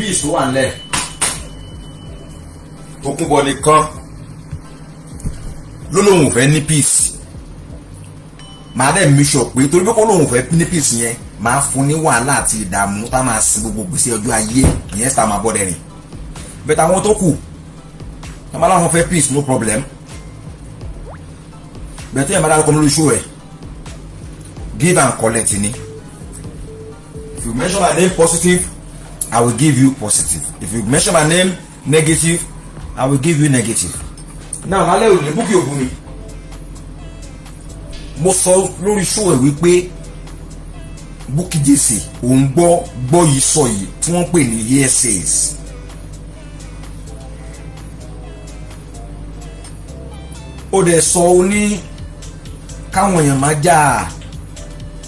peace wà nílẹ̀ Tókunbọ̀ nìkan ló lóun fẹ́ ní peace màá dẹ̀ mi sọ pé torí pé kó lóun fẹ́ ní peace yẹn màá fún ní wàhálà àti ìdààmú tá a máa sin gbogbo gbèsè ọjọ́ ayé ìyẹn sítá máa bọ́dẹ̀ rìn bẹ́tà àwọn tó kù tọ́mọ aláwọn fẹ́ peace no problem bẹ́tẹ̀ yẹn bá dárúkọ lórí iṣu ẹ̀ give and collect ni if you measure my name positive I will give you positive if you mention my name negative I will give you negative. now lálẹ́ òní búkì ògùn ni mo sọ lórí ṣòwò wípé búkì jèsè òun gbọ́ gbọ́ yìí sọ yìí tí wọ́n pè ní hearsays. ó dẹ̀ sọ ó ní káwọn èèyàn máa jà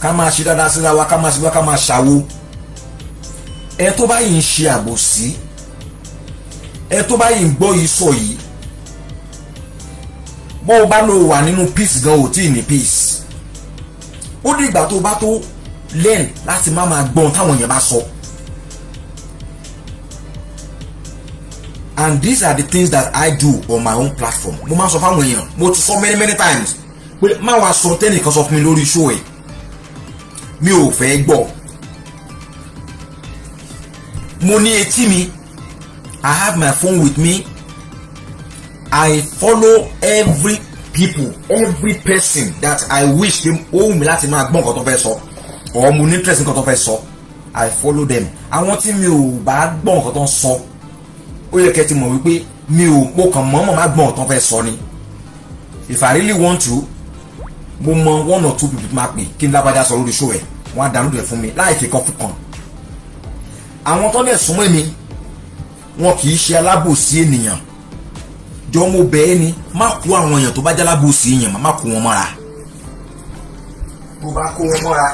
ká máa ṣe dáadáa síra wa ká máa ṣe wá ká máa ṣàwo ẹ tó bá yìí ń ṣe àbòsí ẹ tó bá yìí ń gbọ́ yìí sọ yìí bó o bá lò wà nínú peace gan ò tí ì ní peace ó di ìgbà tó o bá tó learn láti má máa gbọ́n táwọn yẹn bá sọ. and these are the things that I do on my own platform mo máa ń sọ fáwọn èèyàn mo ti sọ many many times pé má wàá sọ tẹ́nìkan sọ fún mi lórí show ẹ̀ mi ò fẹ́ gbọ́ mo ní etí mi i have my phone with me i follow every people every person that i wish dem ó wù mí láti máa gbọ́ nǹkan tó fẹ́ sọ or mo ní interest nǹkan tó fẹ́ sọ i follow them àwọn tí mi ò bá gbọ́ nǹkan tó ń sọ ó yẹ kẹ́ ti mọ̀ wípé mi ò mo kàn mọ́ mọ̀ má gbọ́ nǹkan tó fẹ́ sọ ni if i really want to mo mọ one or two people máa pè kí n lágbájá sọ lórí show ẹ̀ wọ́n á dàrú rẹ̀ fún mi láì fi kan fún kan àwọn tó dẹ̀ súnmọ́ mi wọn kì í ṣe alábòsí ènìyàn jọ mo bẹ̀ ẹ́ ni má kó àwọn èèyàn tó bá jẹ́ alábòsí èèyàn má kó wọn mọ́ra tó bá kó wọn mọ́ra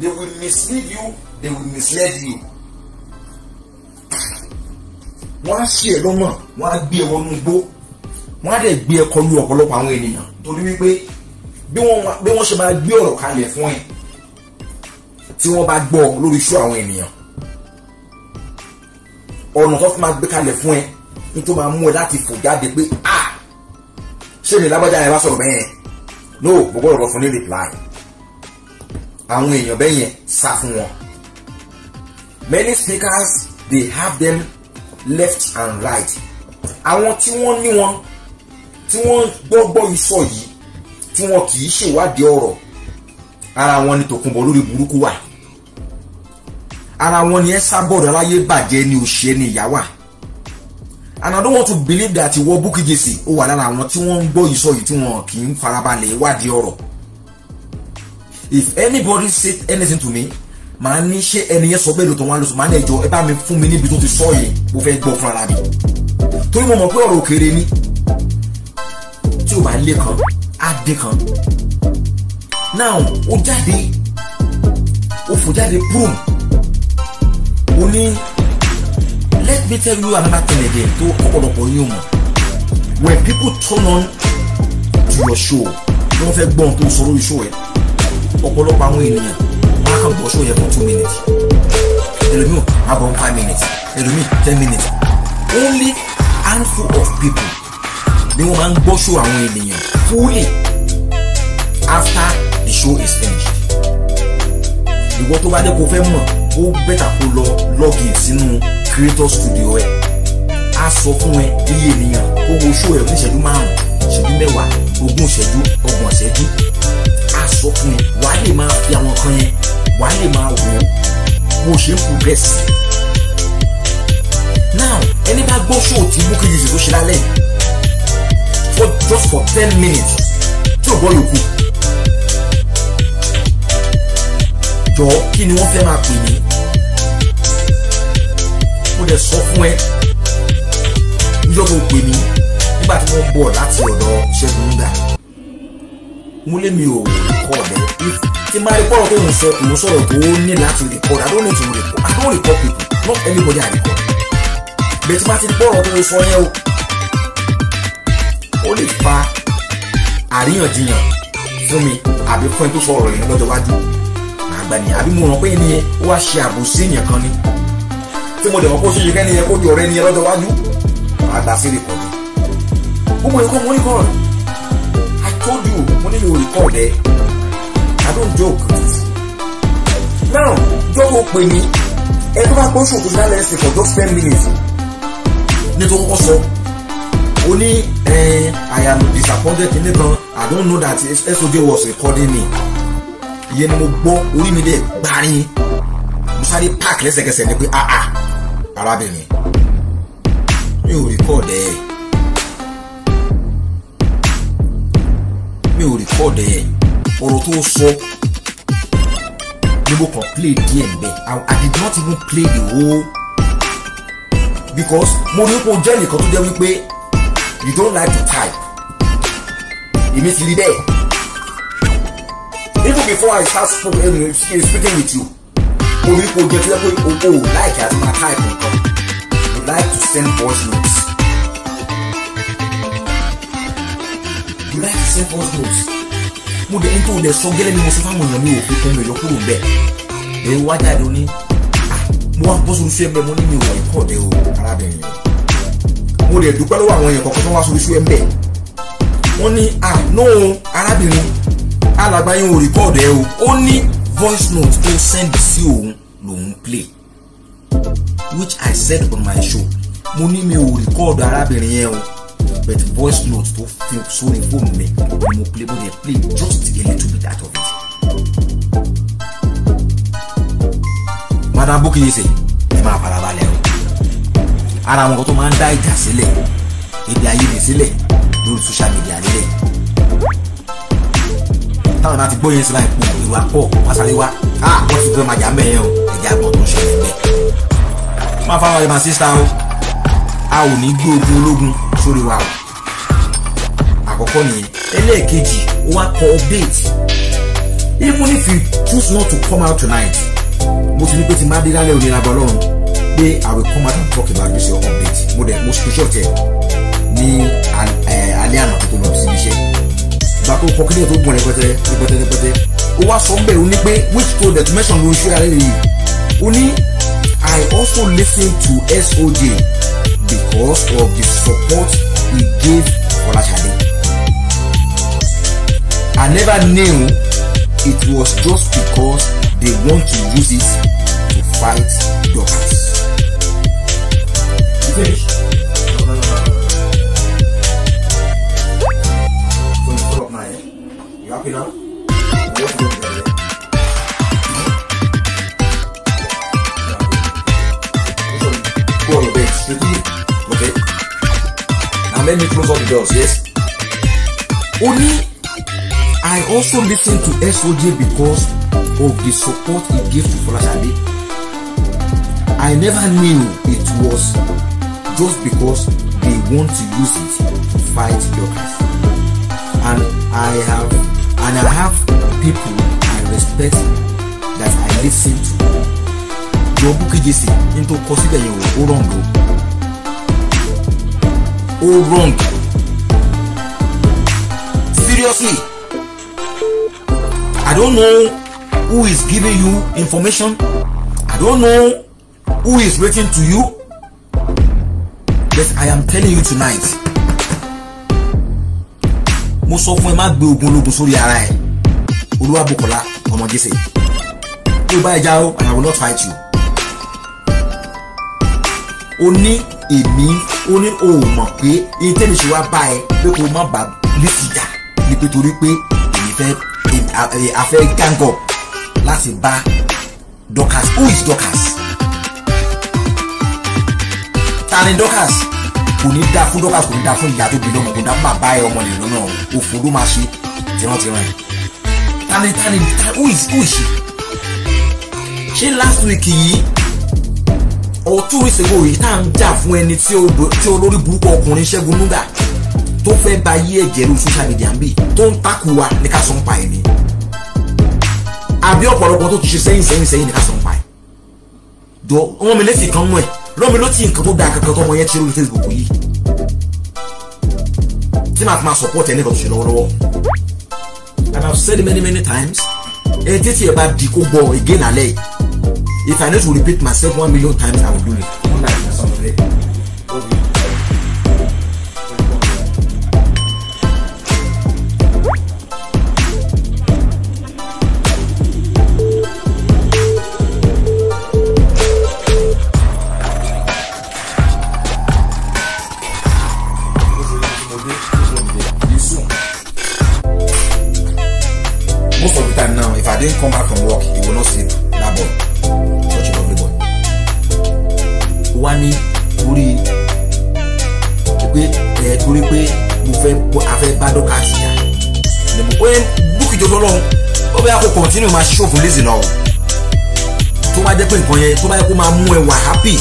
they will mislead you they will mislead you wọ́n á ṣe ẹ̀ lọ́nà wọ́n á gbé ẹ wọnú igbó wọ́n á dẹ̀ gbé ẹ kọlu ọ̀pọ̀lọpọ̀ àwọn ènìyàn torí wípé bí wọ́n ṣe máa gbé ọ̀rọ̀ kalẹ̀ fún ẹ tí wọ́n bá gbọ́ lórí iṣu àwọn ènìyàn ọ̀nà tó fi máa gbé kalẹ̀ fún ẹ ní tó máa mú ẹ láti fò jáde pé a ṣé mi lágbájá yẹn bá sọ̀rọ̀ bẹ́ẹ̀ no gbogbo ọ̀rọ̀ fún ní reply àwọn èèyàn bẹ́ẹ̀ yẹn sá fún wọn many speakers they have them left and right àwọn tí wọ́n ní wọn tí wọ́n gbọ́gbọ́ ìsọ yìí tí wọn kì í ṣèwádìí ọ̀rọ̀ ara wọn ni tòkunbọ̀ lórí burúkú wà ara wọn ni ẹ sábọ̀dọ̀ aláyé bàjẹ́ ni òṣè ni ìyá wà and I don't want to believe that ìwọ Bukky Jesse ó wà lára àwọn tí wọ́n ń gbọ́ ìsọ yìí tí wọn kì í farabalẹ̀ ìwádìí ọ̀rọ̀ if anybody say anything to me màá ní ṣé ẹni yẹn sọ bẹ́ẹ̀ ló tó wọn lọ sọ màá ní ẹjọ́ ẹ bá mi fún mi níbi tó ti sọ yẹn mo fẹ́ gbọ́ fúnra mi torí mo mọ̀ pé ọ̀rọ̀ òkèrè ni tí o bá lé kan á dé kan now ó jáde ó fò jáde boom wò ní let me tell you another thing again tó ọ̀pọ̀lọpọ̀ yín mọ̀ when people turn on to your show wọ́n fẹ́ gbọ́n tó sọ lórí show yẹn ọ̀pọ̀lọpọ̀ àwọn ènìyàn wọ́n á kàn gbọ́ show yẹn for two minutes ẹlòmíì á gbọ́ five minutes ẹlòmíì ten minutes only handful of people ni wọ́n máa ń gbọ́ show àwọn ènìyàn fully after the show is finished ìwọ tó bá dé kó fẹ́ mọ̀ ó bẹ́tà kó lọ lọ́gìn sínú creator studio ẹ̀ á sọ fún ẹ iye ènìyàn kó wo ṣó ẹ̀ oníṣẹ́jú márùn-ún ṣẹ́jú mẹ́wàá ogún ṣẹ́jú ọgbọ̀n ṣẹ́jú á sọ fún ẹ wàá lè máa fi àwọn kan yẹn wàá lè máa wò ó bó ṣe ń progress now ẹni bá gbọ́ ṣó tí Bukky Jease tó ṣe lálẹ́ for just for ten minutes tí ò gbọ́ yòókù jọ̀ọ́ kí ni wọ́n fẹ́ máa pè ní mo dẹ̀ sọ fún ẹ níjọ́ tó pè mí nígbà tí wọ́n bọ̀ láti ọ̀dọ̀ ṣẹ́gun ń dà mo lé mi ò record ẹ̀ tí n bá record tó ń sọ mo sọ̀rọ̀ tó ní láti record I don't need to record I don't record people not anybody I record bẹ́ẹ̀ tí n bá ti gbọ́rọ̀ tó ń sọ yẹn o ó lè fa àríyànjiyàn fún mi àbí fún ẹ tó sọ ọ̀rọ̀ yẹn lọ́jọ́ iwájú àgbà ni àbí mo ràn pé ẹni yẹn ó wá ṣe àbòsí èèyàn kan ni tí mo dẹ̀ kó ṣe ṣe kẹ́ni yẹn kó di ọ̀rẹ́ ni yẹn wájú màá gbà sí rìkọ̀dù mọ ikọ́ mo ní kọ́ I told you mo ní yóò rìkọ̀dù ẹ I don't joke now jọ́wọ́ pè mí ẹ tó bá gbọ́ ṣòkòtò náà lẹ́sìn for just ten minutes nítorí wọ́n sọ ó ní I am disappointed kìíní kan I don't know that SOJ was recording me ìyẹn ni mo gbọ́ orí mi dẹ̀ gbárin mo sáré park lẹ́sẹ̀kẹsẹ̀ ni pé ah ah arábìnrin mi ò rìkọ́ọ̀dù ẹ̀ mi ò rìkọ́ọ̀dù ẹ̀ ọ̀rọ̀ tó sọ ni mo kàn play díẹ̀ ń bẹ̀ I did not even play the whole because mo ní kó jẹ́ nìkan tó jẹ́ wípé you don't like to type èmi ti rí bẹ́ẹ̀ even before I start eh, speaking with you orípo jẹ tó yẹ pé owó ò láìkí àti máa táìpù nǹkan you like to send voice notes you like to send voice notes mo dẹ̀ ní tó dẹ̀ sọ gẹ́lẹ́ ni mo sọ fáwọn èèyàn mi ò fi kún mi ò yọ kúrò bẹ́ẹ̀ wá jáde ní mo wá bó sórí sú ẹgbẹ́ mo ní mi wọ̀ ẹ̀kọ́ ọ̀dẹ o arábìnrin mo dẹ̀ dúpẹ́ lọ́wọ́ àwọn èèyàn kọ̀ọ̀kan tó wá sórí sú ẹgbẹ́ wọ́n ní à ah, nó arábìnrin alàgbáyé ò rìkọ́ọ̀dù o ó ní voice note tó send sí òun which I said on my show mo ní mi ò rìkọ́ọ̀dù arábìnrin yẹn o but voice note tó fi sórí fóònù mi ni mo play mo dey play just a little bit out of it. madam bukki yìí ṣe ẹ máa farabalẹ̀ o ara àwọn kan tó máa ń dá ìjà sílẹ̀ èdè àìyedè sílẹ̀ lórí social media nílẹ̀ táwọn náà ti gbóyè sí láì pọ̀ ìwà pọ̀ wọ́n sáré wá ah wọ́n ti fẹ́ máa jà mẹ́yẹn o my father and my sister o a ò ní gbé ogun ológun sórí wa o àkọ́kọ́ nìyẹn ẹlẹ́ẹ̀kejì ó wá cooperate even if you choose not to come out tonight mo ti ní pé ti má dé lálẹ́ òní lágbà ọlọ́run pé i will come out and talk about this your update mo dẹ̀ mo screenshot ẹ̀ ní alẹ́ àná tó lọ síbi iṣẹ́ ìgbà tó tó gbọ̀n rẹpẹtẹ rẹpẹtẹ rẹpẹtẹ ó wá sọ ń bẹ̀rù ní pé which product mention ló ń ṣe ara yìí ó ní I also listened to SOJ because of the support he gave Fọláṣadé. I never knew it was just because they want to use it to fight doctors. Finish. No, no, no, no. Going to up You happy now? let me close all the doors yes only i also listen to soj because of the support he gave to folasabi i never knew it was just because they want to use it to fight doctors and i have and i have people i respect that i listen to your book is n tó kọ síbẹ̀ yẹn all wrong seriously i don't know who is giving you information i don't know who is waiting to you but i am telling you tonight mo sọ fún ẹ má gbé ogun ológun sórí ara ẹ olúwàbùkọlá ọmọ jésè tí o bá ẹ o i will not fight you o ní èmi ó ní o ò mọ̀ pé iye tẹ́mi ṣe wá bá ẹ pé kó má bàa lísì jà ní pé torí pé èmi fẹ́ afẹ́ gang láti bá Dorcas who is Dorcas ta ni Dorcas kò ní dá fún Dorcas kò ní dá fún ìyá tó bí lọ́mọ kò ní dá fún bàbá ẹ ọmọ lè lọ́nà òfò ló máa ṣe tìrántìrán ta ni ta ni who is who is she ṣé last week yìí or two weeks yìí tá à ń jà fún ẹni tí olórí burúkú ọkùnrin Ṣẹ́gun Nnugba tó fẹ́ ba yí ẹ̀jẹ̀ lórí social media ń bì tó ń takò wa ní ká sọ ń pa ẹ̀ ni àbí ọ̀pọ̀lọpọ̀ tó ti ṣe sẹ́yìn sẹ́yìn sẹ́yìn ní ká sọ ń pa ẹ̀ jọ wọn mi lẹ́sìn kan mú ẹ̀ rọ́mi ló ti nǹkan tó da kankan tó ọmọ yẹn ti ṣe lórí Facebook yìí tí màá fi máa support ẹ̀ nígbà tó ṣe lọ́wọ́lọ́wọ́ and I've said many many times ẹ̀ títí ẹ̀ bá di kó gbọ́ again alẹ́ yìí If I need to repeat myself one million times, I will do it. bá kó máa mú ẹ wà happy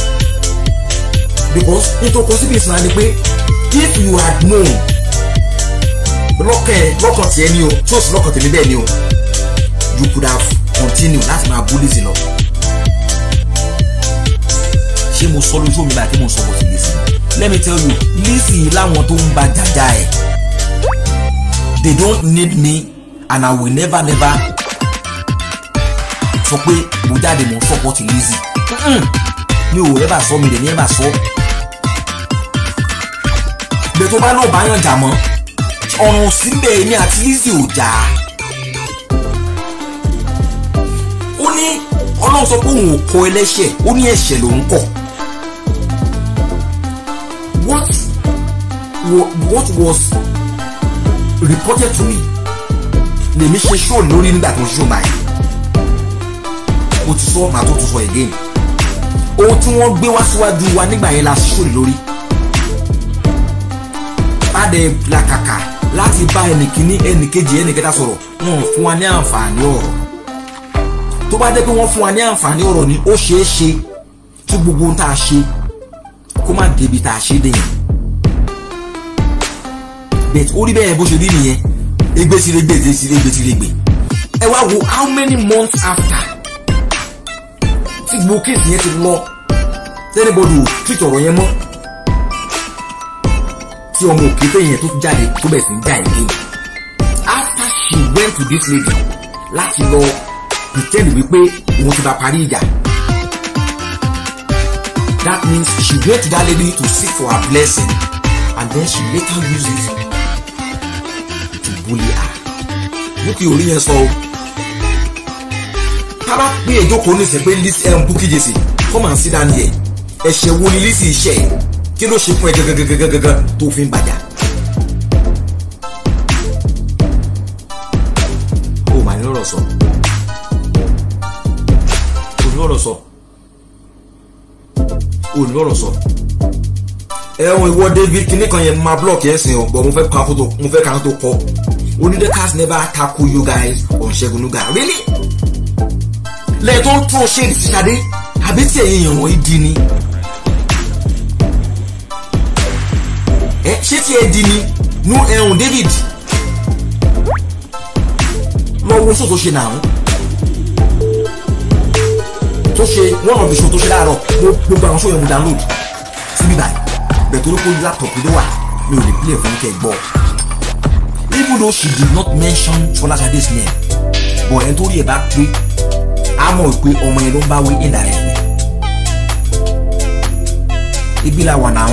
because nítorí kan síbi ìsìn náà ni pé if you had known lọ́kàn lọ́kàn tiẹ̀ ni o tí o sì lọ́kàn tèmi bẹ́ẹ̀ ni o you could have continued láti máa bullies, Lizzy lọ ṣé mo sọ lójú omi báyìí mo sọ bọ̀ sí Lizzy let me tell you Lizzy láwọn tó ń ba Jaja. ẹ̀ they don't need me and I will never never sọ pé mo jáde mo support Lizzy mi ò ẹ́bà sọ mi lè ní ẹ́bà sọ gbé tó bá náà bá yàn jà mọ́ ọ̀run síbẹ̀ èmi àti Lizzy ò jà ó ní ọlọ́run sọ pé òun ò kọ ẹlẹ́ṣẹ̀ ó ní ẹ̀ṣẹ̀ lòun kọ̀ what what was reported to me lèmi ṣe ṣóò lórí nígbà tó ṣóò máa yẹ mo ti sọ màá tó tún sọ again ohun tí wọ́n gbé wá síwájú wa nígbà yẹn la ṣòlè lórí adẹ làkàkà láti bá ẹnìkíní ẹnìkejì ẹnìkẹta sọ̀rọ̀ wọn ò fún wa ní àǹfààní ọ̀rọ̀ tó bá dé pé wọ́n fún wa ní àǹfààní ọ̀rọ̀ ni ó ṣeé ṣe tí gbogbo ohun tá ṣe kó má débi tá ṣe dé yẹn bẹ́ẹ̀ orí bẹ́ẹ̀ bó ṣe rí nìyẹn egbèsíregbè egbèsíregbè ẹ wá wo how many months after tí gbogbo kéèsì yẹn ti lọ tẹ́nibọ́dù ò ọ̀rọ̀ yẹn mọ́ tí ọmọ òkè fẹ́yìn tó jáde tó bẹ̀ sí ń já ìgbé after she went to this lady láti lọ pretend wípé òun ti bá parí ìjà that means she went to that lady to seek for her blessing and then she later used it to bully her. Wọ́n fi orí yẹn sọ o tábà pé ìjókòó ní sẹ́pẹ́ Bukky Jesse come and sit down here ẹ̀ṣẹ̀ wo ni Lizzy iṣẹ́ ẹ̀ kí ló ṣe fún ẹ gẹ́gẹ́gẹ́gẹ́gẹ́ tó fi ń bàjá. o mà ní lọ́rọ̀ sọ o ní lọ́rọ̀ sọ o ní lọ́rọ̀ sọ ẹ̀wọ̀n ìwọ David kinní kan yẹn máa block yẹn sìn ọ́ bọ̀ mo fẹ́ kàn tó mo fẹ́ kàn tó kọ́ onídẹ́kàs never tackle you guys on Segun Nuga really lẹ́yìn tó ń tún ṣéèdì sí Ṣadé àbí tí ẹ̀yin èèyàn wọ̀nyí di ni. ẹ ṣé tí ẹ di ni nu ẹ̀hún David lọ́wọ́ sọ́tò ṣe nà án tó ṣe one of the show tó ṣe láàárọ̀ gbogbo àwọn show yẹn mo download síbí báyìí bẹ̀ẹ̀ torí pé laptop ló wà mi ò lè play fún kẹ́ gbọ́ even though she did not mention Fọláṣadé's name but ẹ̀ torí ẹ̀ bá pé á mọ̀ pé ọmọ yẹn ló ń bá wí indirectly ibi la wà náà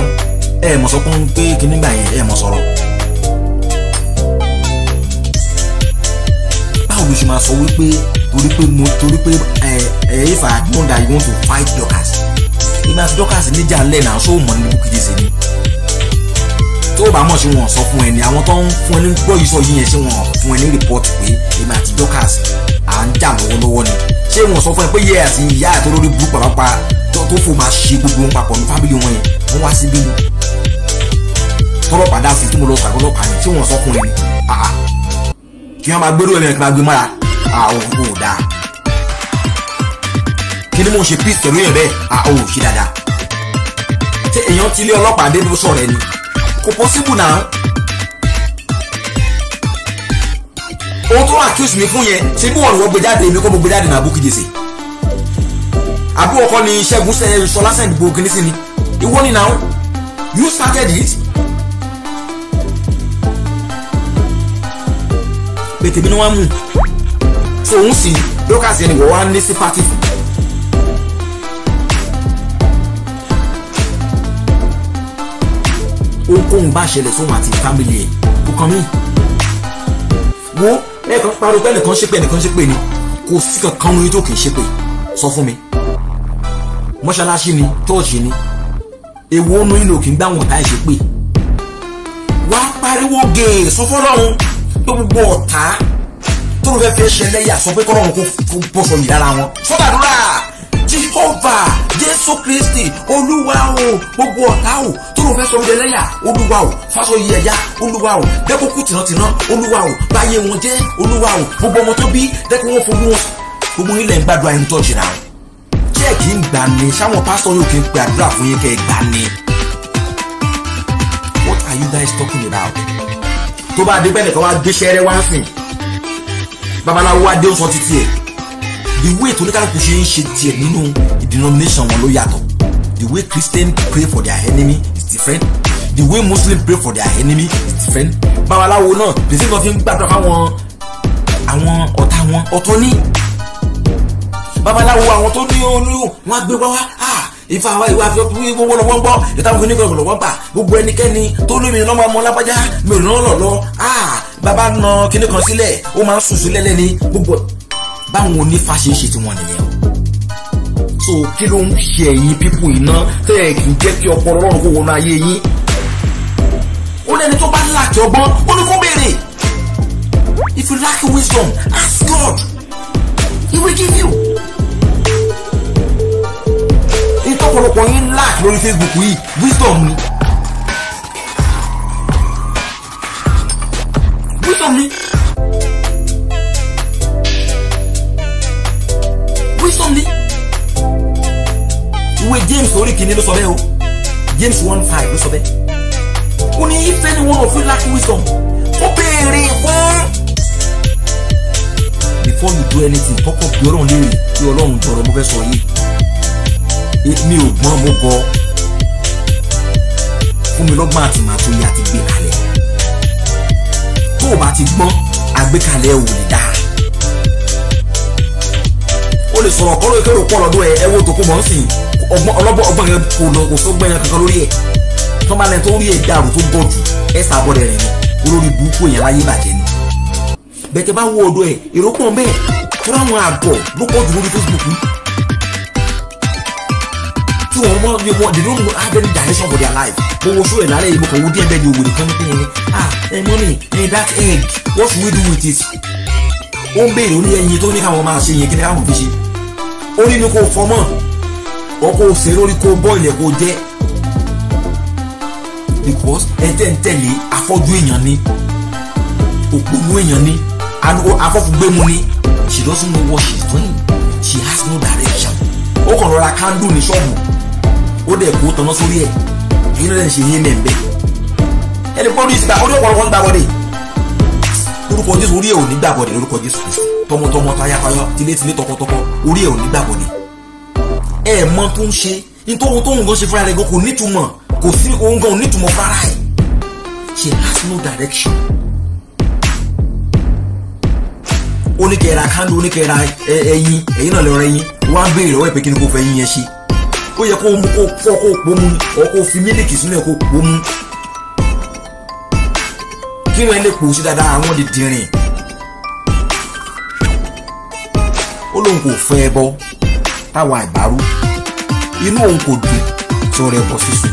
ẹ mọ̀ sọ́kún pé kíní gbà yẹn ẹ mọ̀ sọ̀rọ̀ báwo ló ṣe máa sọ wípé torí pé mo torí pé ẹ ẹ if I know you want to fight Dorkas ìgbà tí Dorkas níjà lẹ̀ náà sóò mọ̀ níbi kìdí sí ni tó o bá mọ̀ sí wọn sọ fún ẹni àwọn tó ń fún ẹni gbọ́ yìí sọ yìí yẹn sí wọn fún ẹni rìpọ́tì pé èmi àti Dorkas à ń jà lọ́wọ́lọ́wọ́ ni ṣé wọn sọ fún ẹ pé yẹ àti ìyá àti olórí burúkú pàápàá tó fò máa ṣe gbogbo wọn papọ̀ ní fábílì wọn yẹn wọn wá síbí ni tọ́lọ́pàá dá sí tí mo lọ sàgbọ́ lọ́pàá yẹn ṣé wọn sọ fún ẹ ni kí wọn máa gbérú ẹ̀ lẹ́yìn kí máa gbé mọ́ra àwọn ò dáa kí ni mo ṣe pí pẹ̀lú yẹn bẹ́ẹ̀ àwọn ò ṣe dáadáa ṣé èèyàn ti lé ọlọ́pàá dé ló sọ̀rọ̀ ẹni kò pọ́síbù náà ohun tó wà accuse mi fún yẹn ṣe bí wọn lọ gbé jáde èmi kọ́ mo gbé jáde náà Bukky Jesse àbúrò ọkọ ni Ṣẹ́gun Ṣọlá sẹ́yìn gbogbo kìíní sí ni ìwọ ni now you started it. pété mi ni wọ́n mú so òun sì lókàsí ẹni wọ́n wá ní sí pátì fún. ohunkóhun bá ṣẹlẹ̀ sóhun àti fámìlì ẹ̀ kò kàn mí. wo ẹ̀ẹ̀kan pariwo pé ẹnìkan ṣépè ẹnìkan ṣépè ni kò sí kankan ní tó kì í ṣépè sọ fún mi mọ́ṣáláṣí ni tọ́ọ̀ṣì ni èwo nínú ìlò kì í gbà wọn táì ṣépè wá pariwo gèè sọ fọlọ́run pé gbogbo ọ̀tá tó ló fẹ́ fẹ́ ṣẹlẹ́yà sọ pé kọ́lọ́run kò bọ́sọ yìí lára wọn sọ́dàdúrà Jehovah Jésù Kristi Olúwa o gbogbo ọ̀tá o tó fẹ́ sọ ìdẹ́lẹ́yà olúwa o fásọ yìí ẹ̀yà olúwa o dẹ́kun tìrantìran olúwa o báyé wọn jẹ́ olúwa o gbogbo ọmọ tó bí dẹ́kun wọn fowó wọn gbogbo ilẹ̀ ń gbàdúrà ẹni tọ́jú ra jẹ́ kí n gbà ní sáwọn pásítọ̀ yóò kí n pe àdúrà fún yín kẹ́ ẹ gbà ní. what are you guys talking about? tó bá dé bẹ́ẹ̀ kan wá gbéṣẹ́ rẹ the way tóníkàlùkù ṣe ń ṣe tiẹ̀ nínú denomination wọn ló yàtọ̀ the way Christians pray for their enemy is different the way Muslims pray for their enemy is different babaláwo náà the same thing gbàdúrà fáwọn àwọn ọ̀tá wọn ọ̀tọ̀ ní babaláwo àwọn tó ní olú wọn gbé wá wá ifá wa ìwà àfihàn fún gbogbo lọ́wọ́ ń gbọ́ ìtàwọn fún nígbàgbọ́ lọ́wọ́ gbà gbogbo ẹnikẹ́ni tó lómi lọ́mọ ọmọ lápájá mi ò lọ́lọ́ lọ bàbá na kinní kan sílẹ̀ ó máa ń sùn sílẹ̀ lẹ́ni gbogbo báwọn onífà ṣe é ṣe tiwọn nìyẹn o so kí ló ń ṣe ẹ̀yin pípù iná tẹ́ ẹ̀ kì í jẹ́ kí ọpọlọ ọlọ́run kó wọnú ayé yín ó lẹ́ni tó bá láàkì ọgbọ́n ó ní kó béèrè if you lack wisdom ask God he will give you. ìtọ́pọ̀lọpọ̀ yín láàkì lórí Facebook yìí wisdom ni. wisdom ni. wisdom ni ìwé James orí kìíní ló sọ bẹ́ẹ̀ o James one five ló sọ bẹ́ẹ̀ ó ní if anyone of you lack wisdom ó béèrè fún. before you do anything kọ́kọ́ bí ọlọ́run léèrè bí ọlọ́run jọ̀rọ̀ mo fẹ́ sọ yìí mi ò gbọ́n mo gbọ́ fún mi lọ́gbọ́n àti màá tó yẹ àti gbé kalẹ̀ tó o bá ti gbọ́n àgbékalẹ̀ ò lè dáa lè sọ̀rọ̀ kọ́ ló kérò pọ̀ lọ́dún ẹ̀ ẹ wo tòkú mọ̀ ń sìn ọlọ́gbọ́n ọgbọ́n yẹn kò lọ kò sọ gbẹ́yàn kankan lórí ẹ̀ tọ́mọlẹ́ tó rí ẹ̀ dàrú tó gbọ́ jù ẹ̀ sàbọ̀dẹ̀ rẹ̀ ni olórí burúkú èèyàn láyé bàjẹ́ ni bẹ̀tẹ̀ bá wo ọ̀dọ̀ ẹ̀ èrò pọ̀ bẹ́ẹ̀ fúnra àgọ̀ ló pọ̀ jù lórí Facebook tí wọ́n mọ́ ní wọ́n they don't have any direction for their life mo wo show ẹ̀ lálẹ́ yìí mo kàn wo díẹ̀ bẹ́ẹ̀ ni òwò nìkan ní ẹ̀ ah ẹ̀ mọ́mì ẹ̀ that egg what should we do with it ó ń béèrè ó ní ẹyin tó ní káwọn máa ṣe yẹn kí ni káwọn fi ṣe orí ni kò fọmọ́ wọn kò ṣe lórí kó bọ́ọ̀lù yẹn kó jẹ́ because ẹ̀ńtẹ̀ńtẹ̀lé afọ́jú èèyàn ni òpónú èèyàn ni afọ́fúgbẹ́mu ni she doesn't know what she's doing she has no direction ó kàn rọra kándù ní ṣọ́ọ̀bù ó dẹ̀ kó tanná sórí ẹ̀ èyí ló dẹ̀ ń ṣe yín mẹ́ẹ̀mbẹ́ ẹni pọ́ńdù ìsìta orí ọ̀pọ̀lọpọ̀ ń gbàgbọ́dẹ̀ lórúkọ Jésù orí ẹ̀ ò ní gbàgbọ́dẹ̀ lórúkọ Jésù Kristi tọmọtọmọ tayátayá tilétilé tọkọtọkọ orí ẹ̀ ò ní gbàgbọ́ ni. ẹ mọ tó ń ṣe nítorí tó ń gan ṣe fúnra rẹ̀ gan kò nítumọ̀ kò sí ohun gan ò nítumọ̀ fúnra she has no direction. oníkẹ́ra kándó oníkẹ́ra ẹyin ẹyin náà lọ́rọ̀ ẹyin wọ́n á béèrè lọ́wọ́ ẹ̀ pé kí ni kò fẹ́ yín yẹn ṣe ó yẹ kó mú kó kó pomu ọ fi mílíkì sínú ẹ̀ kó pomu kí wọ́n lè pòsí dáadáa àwọn dìdìrín lòun kò fẹ́ ẹbọ táwọn àgbàrú inú òun kò dùn tí ó rẹ bọ sísun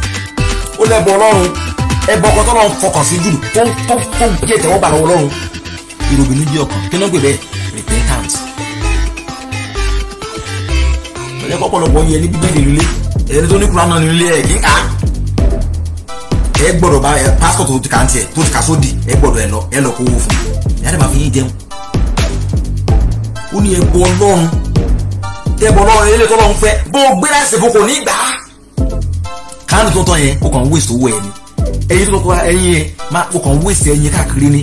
ó lẹ́bọ ọlọ́run ẹbọ ọkọ tọ́lọ́ ń fọkàn sí jù tó tó tó ń jẹ́ ìtẹ́wọ́gbà lọ́wọ́ ọlọ́run ìròbìnú jẹ́ ọkàn kí náà gbé bẹ́ẹ̀ repentance ẹ̀yẹ́ kọ́pọ̀lọpọ̀ yẹ ní bíbélì nílé ẹni tó ní kúrò náà nílé ẹ̀ kí n ah! ẹ gbọ́dọ̀ bá pásítọ̀ tó ti kà á tiẹ̀ tó ti kà sódì ẹ gbọ́dọ̀ ẹ lọ ẹ lọ kó owó fún un ẹ̀ á yín jẹun ó ní ẹ̀bù ọlọ́run ẹ̀bù ọlọ́run ilé tó lọ́run fẹ́ bó o gbé láti ṣèbó kò ní gbà á. káàdì tó yẹn ó kàn ń owó ẹ̀ ni ẹyin tó kọ́ ẹyin yẹn máa kàn ń ẹyin káàkiri ni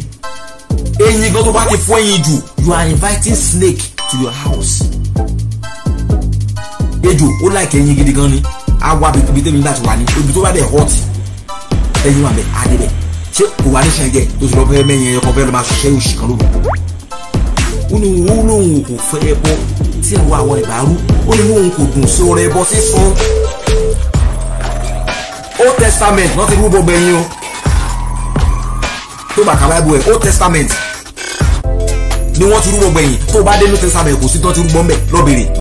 ẹyin gan tó bá ti fọ́ ẹyin jù you are inviting snake to your house. ejò ó láìka ẹyin gidi gan ni á wá ibi tẹ́mi bá ti wà ní ibi tó bá dẹ̀ hot ẹyin wà bẹ̀ á débẹ̀ ṣé kò wá ní sẹ́ńgẹ̀ tó ti lọ fẹ́ mẹ́yìn ẹyọ fẹ́ lọ́ máa ṣiṣẹ́ òṣì kan lóru ó ní òun ó lóun kò fẹ́ ẹbọ tí ẹ̀wọ̀ àwọn ìbárú ó ní òun kò dùn sí ọrẹ sísun old testament wọ́n ti rúbọ gbẹ̀yìn o tó bàkà báìbù ẹ̀ e, old testament ni wọ́n ti rúbọ gbẹ̀yìn tó bá dé new testament kò sí tán ti rúbọ mbẹ̀ lọ́bìnrin.